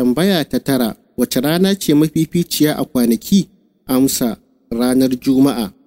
Tambaya ta tara, wace rana ce mafificiya a kwanaki? Amsa, ranar Juma'a.